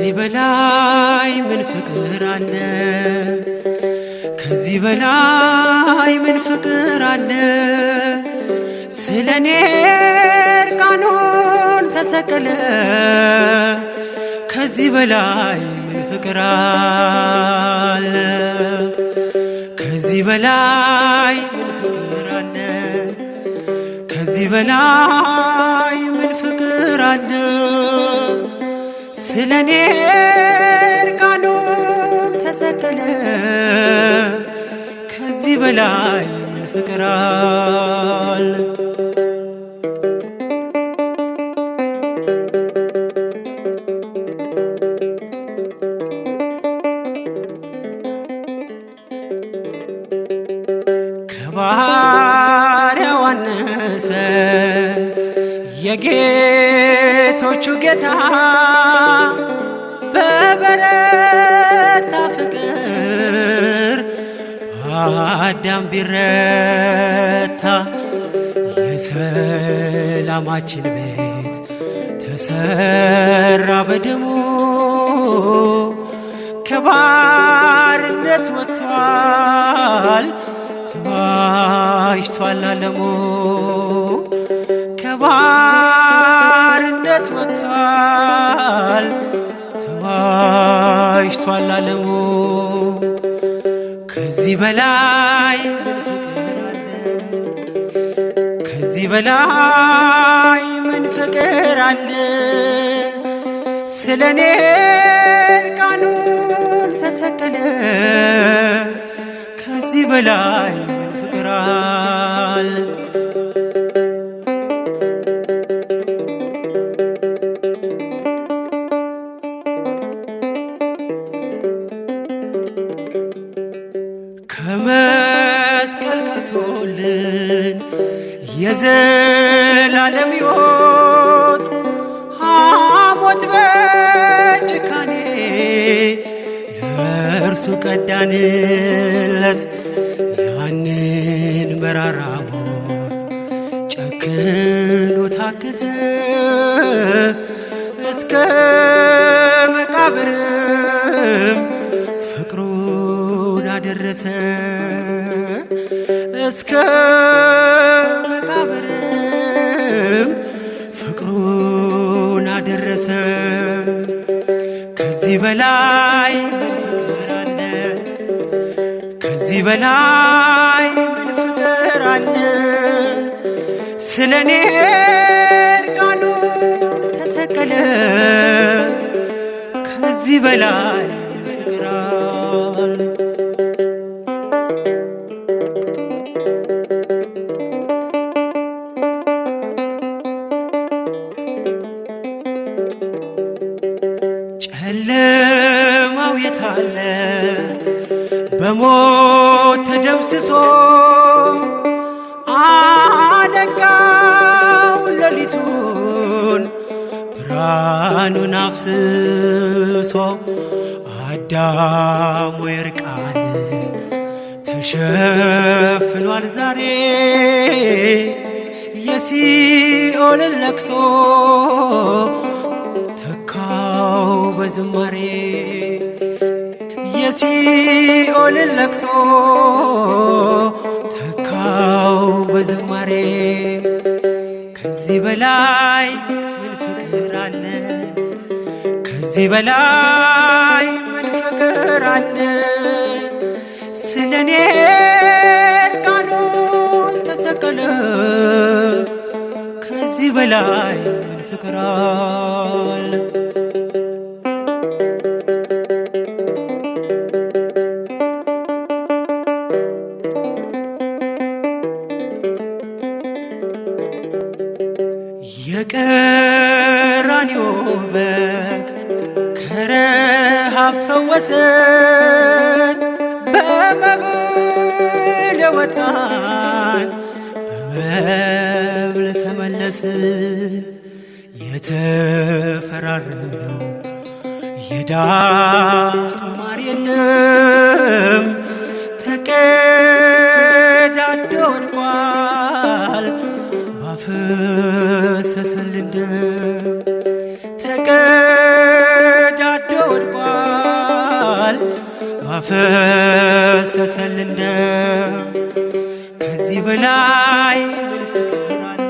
ከዚህ በላይ ምን ፍቅር አለ? ከዚህ በላይ ምን ፍቅር አለ? ስለ እኔ እርቃኑን ተሰቀለ። ከዚህ በላይ ምን ፍቅር አለ? ከዚህ በላይ ምን ፍቅር አለ? ከዚህ በላይ ምን ፍቅር አለ? ስለ እኔ እርቃኑ ተሰቀለ። ከዚህ በላይ ምን ፍቅር አለ? ከባሪያው የጌቶቹ ጌታ በበረታ ፍቅር በአዳም ቢረታ የሰላማችን ቤት ተሰራ በደሙ ከባርነት ወጥቷል ተዋጅቷል አለሙ ከባርነት ወጥቷል አሽቷል ዓለሙ ከዚህ በላይ ምን ፍቅር አለ? ከዚህ በላይ ምን ፍቅር አለ? ስለ እኔ እርቃኑን ተሰቀለ። ከዚህ በላይ ምን ፍቅር አለ? የዘላለም ሕይወት ሐሞት በጭካኔ ለእርሱ ቀዳንለት ያንን መራራ ሞት ጨክኖ ታገሰ እስከ መቃብርም ፍቅሩን አደረሰ እስከ ደረሰን። ከዚህ በላይ ምን ፍቅር አለ? ከዚህ በላይ ምን ፍቅር አለ? ስለ እኔ እርቃኑን ተሰቀለ። ከዚህ በላይ በሞት ተደምስሶ አነጋው ሌሊቱን ብርሃኑን አፍስሶ አዳሙ የርቃን ተሸፍኗል ዛሬ የሲኦልን ለቅሶ ተካው በዝማሬ የሲኦልን ለቅሶ ተካው በዝማሬ ከዚህ በላይ ምን ፍቅር አለ? ከዚህ በላይ ምን ፍቅር አለ? ስለኔ እርቃኑን ተሰቀለ። ከዚህ በላይ ምን ፍቅር አለ? የፈወሰን በመብል የወጣን በመብል ተመለስን የተፈራረምነው የዳጡ ማር የለም ተቀዳዶ ወድቋል ባፈሰሰልን ደም ማፈሰሰልን ደም ከዚህ በላይ ምን ፍቅር አለ?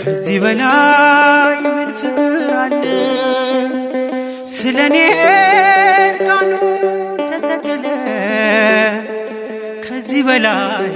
ከዚህ በላይ ምን ፍቅር አለ? ስለ እኔ እርቃኑን ተሰቀለ ከዚህ በላይ